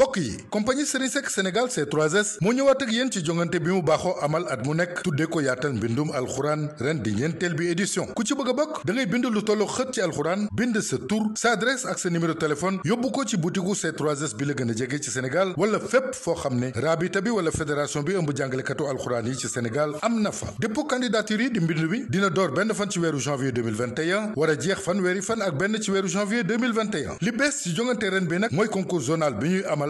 mbokk yi compagnie Serigne Seck Sénégal c 3 moo ñëwaat ak yéen ci jongante bi mu baaxoo amal at mu nekk tuddee ko yaatal mbindum alxuraan ren di ñeenteel bi édition ku ci bëgg a bokk da bind lu tollu xët ci alxuraan bind sa tur sa adresse ak sa numéro téléphone yóbbu ko ci butiku c 3 bi la gën a jege ci Sénégal wala fépp foo xam ne raabita bi wala fédération bi ëmb jàngalekatu alxuraan yi ci Sénégal am na fa dépôt candidature yi di mbind dina door benn fan ci weeru janvier 2021 war a jeex fanweeri fan ak benn ci weeru janvier 2021 li bees ci jongante ren bi nag bi ñuy amal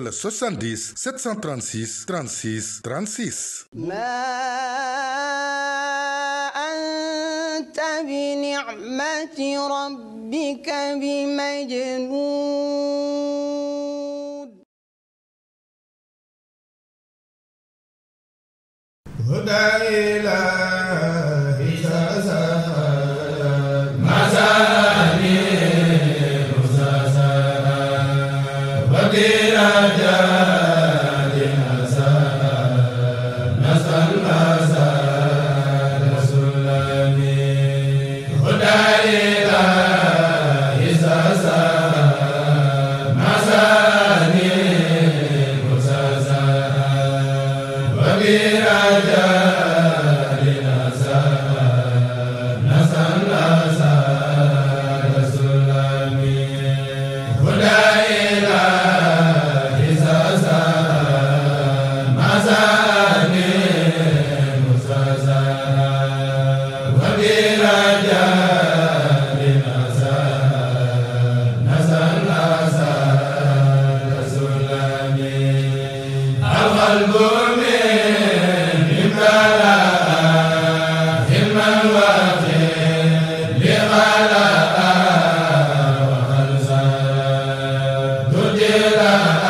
wala 70 736 36 36. anta bi ni'mati rabbika bi majnuun. hudaa ilaa la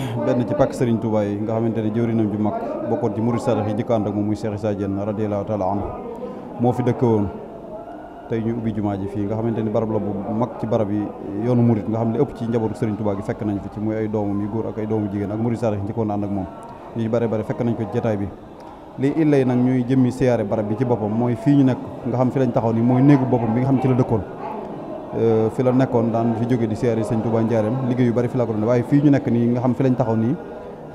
benn ci pàkk Serigne Touba yi nga xamante ne jëwrinam ju mag bokkoon ci murid sarax yi njëkk ànd ak moom muy Cheikh Issa Diène radiyallahu taala anhu moo fi dëkk woon tey fii nga xamante ni barab la bu ci barab yi yoonu murid nga xam ne ëpp ci njabootu Serigne Touba gi fekk nañ fi ci muy ay doomam yu góor ak ay doomu jigéen ak murid sarax yi njëkkoon ak moom ñu ci bare bare fekk nañ ko ci bi lii illay nag ñuy jëmmi siyaare barab bi ci boppam mooy fii ñu nekk nga xam fi lañ taxaw ni mooy néegu boppam bi nga xam la dëkkoon Euh, fi la nekkoon daan fi jóge di siyaare sëñ Touba Ndiarème liggéey bari fi la ko doon waaye fii ñu nekk nii nga xam fi lañ taxaw nii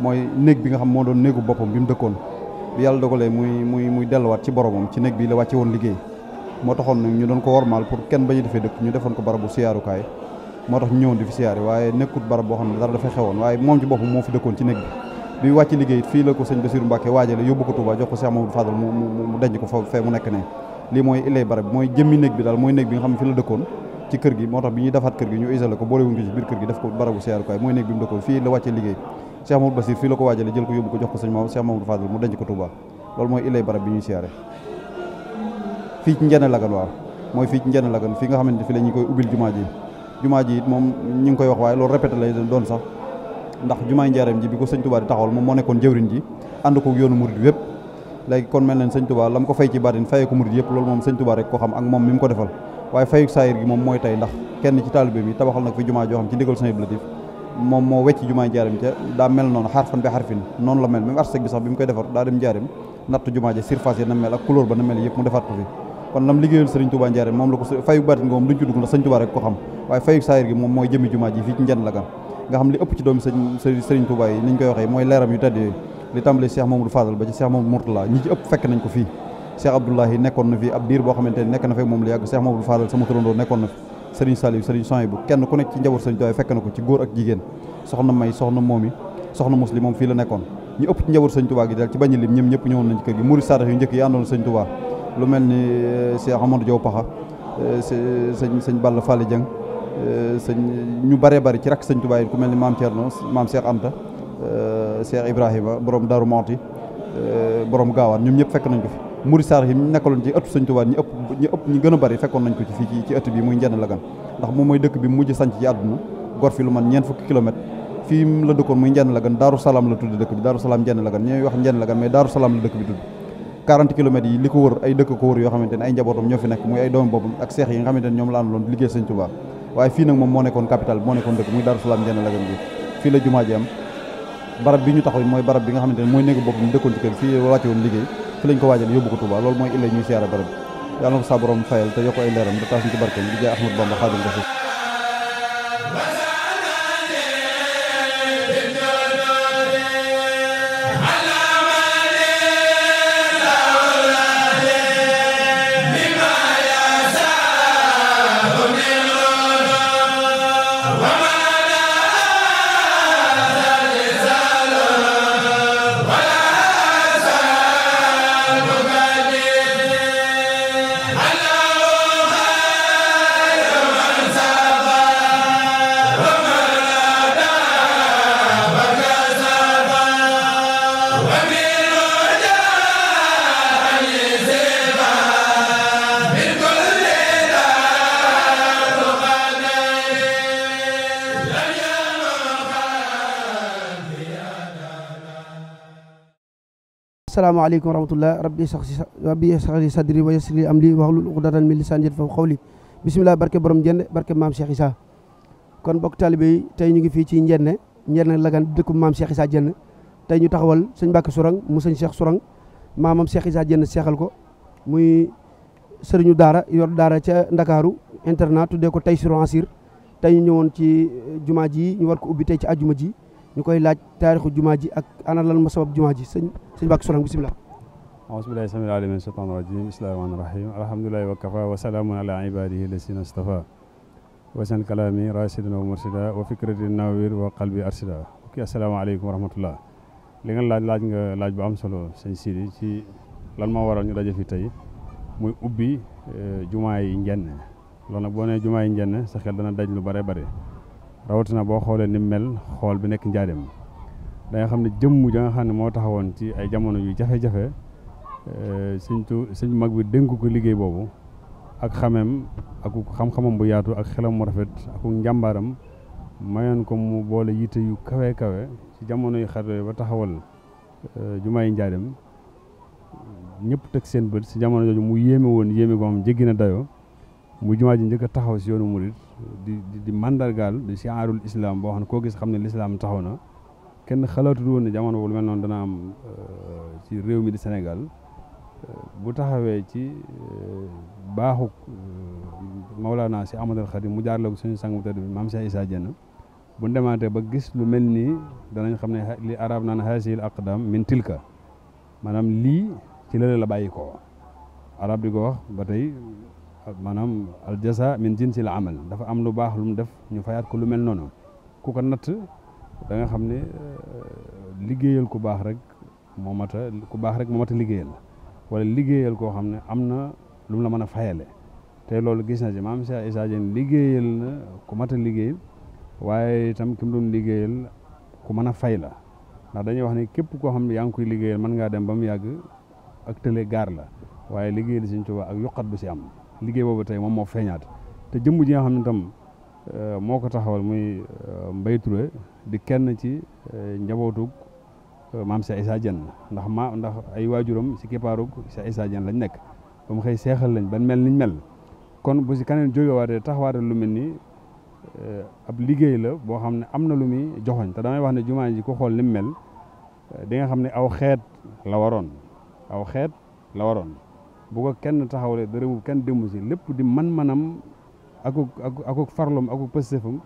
mooy néeg bi nga xam moo doon néegu boppam bi mu dëkkoon bi yàlla dogalee muy muy muy delluwaat bi la wàcce woon moo taxoon nag ñu doon ko kenn bañu defee dëkk ñu defoon ko barabu siyaarukaay moo tax ñëwoon di fi siyaare waaye nekkut boo xam ne dara dafa xewoon waaye moom ci boppam moo fi dëkkoon ci ko sëñ Bassirou Mbacke waajale yóbbu ko Touba ne bi mooy mooy néeg bi nga xam ne fi la dëkkoon ci kër gi moo tax bi ñuy defaat kër gi ñu isolé ko boolewuñ ko ci biir kër gi def ko barabu siyaarukaay mooy néeg bi mu dëkkoon fii la wàccee liggéey Cheikh Mamadou Basir fii la ko waajale jël ko yóbbu ko jox ko sëñ Maam Cheikh Mamadou Fadil mu denc ko Touba loolu mooy illay barab bi ñuy siyaare fii ci njene lagan waaw mooy fii ci njene lagan fii nga xamante fi la ñu koy ubbil jumaa ji jumaa ji it moom ñi ngi koy wax waaye loolu répété lay doon sax ndax jumaay njaareem ji bi ko sëñ Touba di taxawal moom moo nekkoon jëwriñ ji ànd ko yoonu murid wépp léegi ko fay ci baatin fayee ko murid yëpp loolu moom sëñ ko xam ak moom mi mu ko defal waaye fayuk saayir gi moom mooy tey ndax kenn ci taalibe bi tabaxal na ko fi jumaa joo xam ci ndigal Sëriñ Latif moom moo wecc jumaa njaarim ca daa mel noonu xarfan bi xarfin noonu la mel même architecte bi sax bi mu koy defar daa dem njaarim natt jumaa ja surface yi na mel ak couleur ba na mel yëpp mu defaat ko fi kon lam liggéeyal Sëriñ Touba njaarim moom la ko fayuk baatin gi moom duñ ci ndax Sëriñ Touba rek ko xam waaye fayuk saayir Cheikh Abdoulahi nekkoon na fi ab diir boo xamante ne nekk na fekk moom lu yàgg Cheikh Mamadou Fadal sama turandoo nekkoon na fi Serigne Saliou Serigne Souhaïbou kenn ku nekk ci njaboot Serigne Touba fekk na ko ci góor ak jigéen soxna May soxna Momi soxna Muslim moom fii la nekkoon ñu ëpp ci njaboot Serigne Touba gi daal ci bañu lim ñoom ñëpp ñëwoon nañ ci kër gi murid sarax yu njëkk yi àndoon Serigne Touba lu mel ni eh, Cheikh Amadou Diaw Paxa eh, sëñ sëñ Balla Fally Dieng eh, sëñ ñu bare bari ci rak Serigne Touba yi ku mel ni maam Thierno maam Cheikh Anta Cheikh Ibrahima borom Darou Mouhty borom gaawaan ñoom ñëpp fekk nañ fi murid saar yi ñu nekkaloon ci ëttu sëñ Tuubaa ñi ëpp ñi ëpp ñi gën a bari fekkoon nañ ko ci fii ci ëtt bi muy njenn lagan ndax moom mooy dëkk bi mujj sanc ci àdduna gor fi lu man ñeent fukki kilomètre fii la dëkkoon muy njenn lagan daaru salaam la tudd dëkk bi daaru njenn la dëkk ñoo fi nekk muy ay doomu boppam ak seex yi nga xamante ñoom la àndaloon liggéey sëñ Tuubaa waaye fii nag moom moo nekkoon capital moo nekkoon dëkk muy daaru ci ko waajal yóbbu ko Touba loolu mooy illa ñuy siyaara barab yàlla na ko sa borom te yokk ay leeram te taas ñu di jaay Ahmadu Bamba Xaadimu Rasuul asalaamaaleykum wa rahmatullah rabbi sax rabbi sax li sadri wa yassir li amri wahlul uqdatan min lisaani yafqahu qawli bisimilah barke borom Njenne barke maam Cheikh Issa kon bokk taalibe yi tey ñu ngi fii ci Njenne Njenne Lagane dëkku maam Cheikh Issa Dienne tey ñu taxawal sëñ Mbàkke Sourang mu sëñ Cheikh Sourang maamam Cheikh Issa Dienne seexal ko muy sëriñu daara yor daara ca Ndakaaru internat dee ko tey sur ansir tey ñu ñëwoon ci eh, jumaa ji ñu war ko ubbi ci àjjuma ji ñu koy laaj taarixu jumaa ji ak ana lan ma sabab jumaa ji sëñ sëñ Mbàkke Soxna bisimilah aasbilahi samil alamin shaytaan rajim bismillahi rahmaani rahim alhamdulilahi wa kafa wa salaamun ala ibadihi lasina stafa wasan kalaami rasidin wa mursida wa fikrati nawir wa qalbi arsida ok asalaamaaleykum wa rahmatullah li nga laaj laaj nga laaj bu am solo sëñ Sidi ci lan moo waral ñu daje fi tey muy ubbi eh, jumaa yi njenn loolu nag boo nee jumaa yi njenn sa xel dana daj lu bare bare rawatina boo xoolee ni mel xool bi nekk njaareem da nga xam ne jëmm ja nga ne moo woon ci ay jamono yu jafe-jafe eh, sëñ tu sëñ mag bi dénku ko liggéey boobu ak xameem ak xam bu yaatu ak xelam mu rafet ak njàmbaaram mayoon ko mu boole yitte yu kawe kawe ci jamono yu xare ba taxawal eh, jumaay njaareem ñëpp teg seen bët si jamono jooju mu yéeme woon yéeme goo na dayoo mu jumaa ji njëkk taxaw si yoonu murit di di mandargaal di siaarul islam boo xam ne koo gis xam ne lislaam taxaw na kenn xalaatul woon ne jamono bu mel noonu dana am euh, ci réew mi di senegal euh, bu taxawee ci euh, baaxu Maulana si Ahmadul Xadim mu jaarale ko suñu sang bu tedd bi maam Cheikh Issa Dieng bu demaatee ba gis lu mel nii danañ xam ne li arab naan hasil aqdam min tilka maanaam lii ci lële la bàyyi ko arab di ko wax ba tey maanaam aljasa min jinsil amal dafa am lu baax lu mu def ñu fayaat ko lu mel noonu ku ko natt da nga xam ne euh, liggéeyal ku baax rek moo mat a ku baax rek moo mat a liggéeyal wala liggéeyal koo xam ne am na lu mu la mën a fayale te loolu gis na ci maam Cheikh Issa Diène liggéeyal na ku mat a liggéeyal waaye itam ki mu doon liggéeyal ku mën a fay la ndax dañuy wax ne képp koo xam ne yaa ngi koy liggéeyal mën ngaa dem ba mu yàgg ak tële gaar la waaye liggéeyal Sëñ Tuubaa ak yokkat bu si am liggéey boobu tey moom moo feeñaat te jëmm ji nga xam ne tam euh, moo ko taxawal muy euh, Mbaye Touré di kenn ci euh, njabootu maam Cheikh Issa Diène ndax ma ndax ay waajuram si kippaarug Cheikh ay Diène lañ nekk ba xëy seexal lañ ba mel niñ mel kon bu si kaneen jógewaatee taxawaate lu mel ni ab liggéey la boo xam ne am na lu muy joxoñ te damay wax ne jumaa ji ko xool ni mu mel di nga xam ne aw xeet la waroon aw xeet la waroon bu ko kenn taxawalee dara bu kenn démb si lépp di man-manam akuk ak akuk farlom akuk pëstefam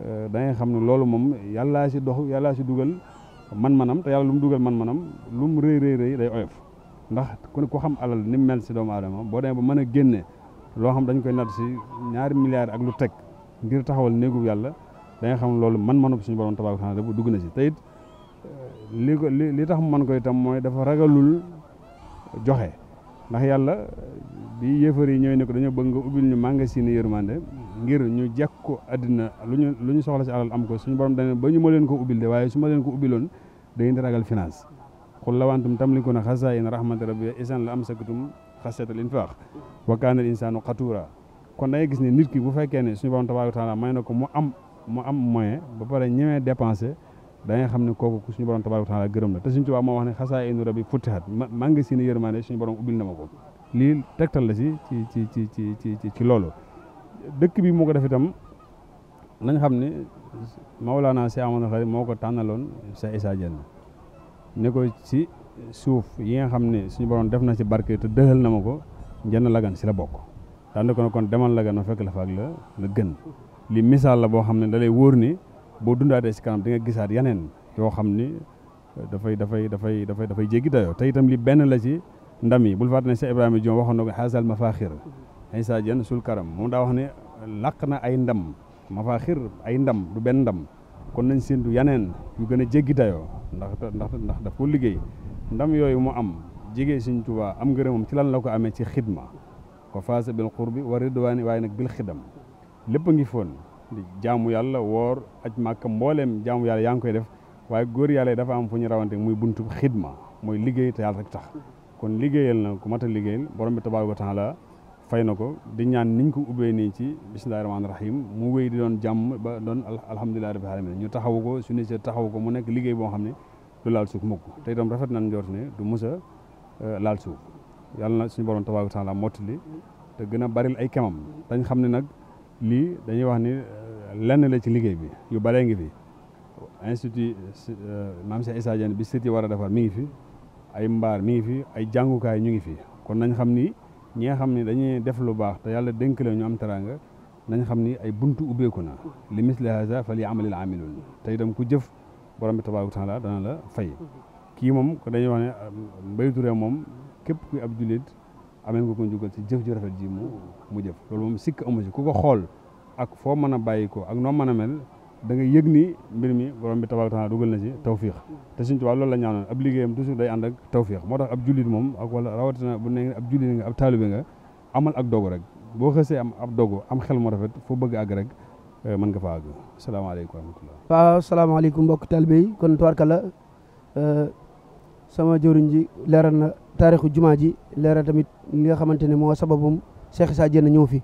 euh, da ngay xam ne loolu moom yàllaa si dox yàllaa si dugal man-manam te yàlla lu mu dugal man-manam lu mu rëy rëy day oyof ndax ku ko xam alal ni mel si doomu aadama boo demee ba mën a génnee loo xam dañ koy natt si ñaari milliards ak lu teg ngir taxawal néegu yàlla da xam loolu man-manam suñu borom tabaaraka taala dugg na si te it euh, li ko lii tax mu mën ko itam mooy dafa ragalul joxe ndax yàlla bi yéefar yi ñëwee ne ko dañoo bëgg nga ubbil ñu magasin yërmande ngir ñu jekku àddina lu ñu lu ñu soxla si alal am ko suñu borom dane ba ñu ma leen ko ubbil de waaye su ma leen ko ubbiloon da ngeen di ragal finance xul lawantum tamlikuuna xazaa'ina rahmati rabbi isan la am sakatum xasyatal infaq wa kaana al insaanu xatuura kon dangay gis ne nit ki bu fekkee ne suñu borom tabaaraka taala may na ko mu am mu am moyen ba pare ñemee dépensé da xam ne kooku ku suñu borom tabaaraka wa taala gërëm la te suñu tubaab moo wax ne xasaa inu rabbi futtihat maa ngi si ne yërmande suñu borom ubbil na ko lii tegtal la si ci ci ci ci ci ci loolu dëkk bi moo ko def itam nañ xam ne Maolana si amoon xarit moo ko tànnaloon Cheikh Issa Diène ne ko si suuf yi nga xam ne suñu borom def na si barke te dëxal na ma ko njënd lagan si la bokk daanaka kon demal lagan ma fekk la fa ak la la gën li misaal la boo xam ne da wóor ni boo dundaatee si kanam di nga gisaat yeneen yoo xam ni euh, dafay dafay dafay dafay dafay jéggi dayoo te itam li benn la ci ndam yi bul fàtte ne sa Ibrahima Diom waxoon na ko xaasal mafaaxir saa jen sul karam moom daa wax ne làq na ay ndam mafaaxir ay ndam du benn ndam kon nañ séentu yeneen yu gën a jéggi dayoo ndax ndax ndax daf ko liggéey ndam yooyu mu am jigee Sëñ Tuubaa am ngërëmam ci lan la ko amee ci xidma ko faasa bil qurbi wa ridwaani waaye nag bil xidam lépp a ngi foon di jaamu yàlla woor aj màkka mbooleem jaamu yàlla yaa ngi koy def waaye góor yàlla yi dafa am fu ñu rawante muy buntu xidma mooy liggéey te yàlla rek tax kon liggéeyal na ku mat a liggéeyal borom bi tabaaraka na ko di ñaan niñ ko ubbee nii ci bismillahi rahmaani rahim mu di doon jàmm ba doon alhamdulilahi rabbil alamin ñu taxawu ko suñu se taxawu ko mu nekk liggéey boo xam ne du laal suuf mukk te itam rafet nañ njort ne du mës a euh, laal suuf yàlla na suñu borom tabaaraka wa taala mottali te gën a baril ay kemam dañ xam ne nag lii dañuy wax ni lenn la ci liggéey bi yu baree ngi fi institut euh, maam Cheikh Issa Diène bi sët yi war a defar mi ngi fi ay mbaar mi ngi fi ay jàngukaay ñu ngi fi kon nañ xam ni ñi nga xam ni dañuy def lu baax te yàlla dénk la ñu am teraanga nañ xam ni ay buntu ubbeeku na li misli haza fal ya'malil aamilun te itam ku jëf borom bi tabaaraka taala dana la fay kii moom ko dañuy wax ne euh, Mbaye moom képp kuy ab jullit amee nga ko njugal ci jëf ju rafet jii mu mu jëf loolu moom sikk amu xool ak foo mën a bàyyi ko ak noo mën a mel da nga yëg ni mbir mi borom bi tabaaraka taala dugal na ci tawfiix te Sëñ Tuubaa loolu la ñaanoon ab liggéeyam toujours day ànd ak tawfiix moo tax ab jullit moom ak wala rawatina bu ne ab jullit nga ab taalibe nga amal ak dogu rek boo xësee am ab dogu am xel mu rafet foo bëgg àgg rek euh, mën nga fa àgg salaamaaleykum wa rahmatulah. waaw salaamaaleykum mbokk taalibe yi kon tubaarkalla euh, sama jëriñ ji leeral na taarixu jumaa ji leeral tamit li nga xamante ne moo sababum Cheikh Issa Diène ñëw fi.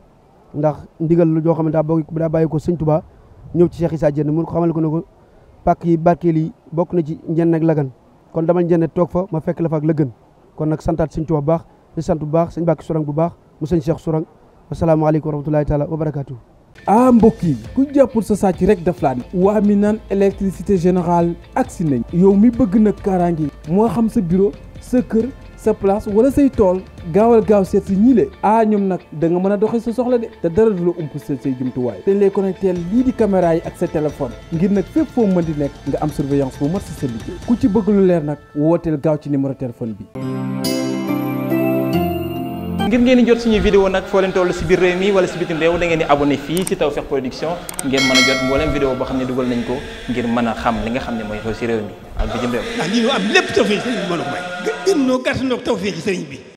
ndax ndigal lu joo xam ne daa bokk daa bàyyi ko sëñ Tuubaa ñëw ci Cheikh Issa Diène mun ko xamal ko ne ko pàkk yi barkeel yi bokk na ci njenn ak lagan kon dama njenne toog fa ma fekk la fa ak lëgën kon nag santaat sëñ Tuubaa bu baax di sant bu baax sëñ Bàkki bu baax mu sëñ Cheikh Sourang asalaamaaleykum wa rahmatulahi taala wa barakaatu. ah mbokk yi ku jàppul sa sàcc rek daf laan waa mi naan électricité générale agsi nañ yow mi bëgg nag kaaraange moo xam sa bureau sa sa place wala say tool gaawal gaaw seet si ñi le ñoom nag da nga mën a doxee sa soxla de te dara du la ump sa say jumtuwaay te ñu lay connecté lii di caméra yi ak sa téléphone ngir nag fépp foo mën di nekk nga am surveillance bu mat si sa liggéey ku ci bëgg leer nag wooteel gaaw ci numéro téléphone bi. ngir ngeen di jot suñu vidéo nag foo leen toll si biir réew mi wala si bitim réew da ngeen di abonné fii si Tawfekh Production ngeen mën a jot mboolem xam ne dugal nañ ko ngir mën xam li nga xam ne mooy xew si réew mi. ak bi jëm réew. waaw ah, ñu am lépp tawfeex sëriñ bi moo la ko may. gën bi.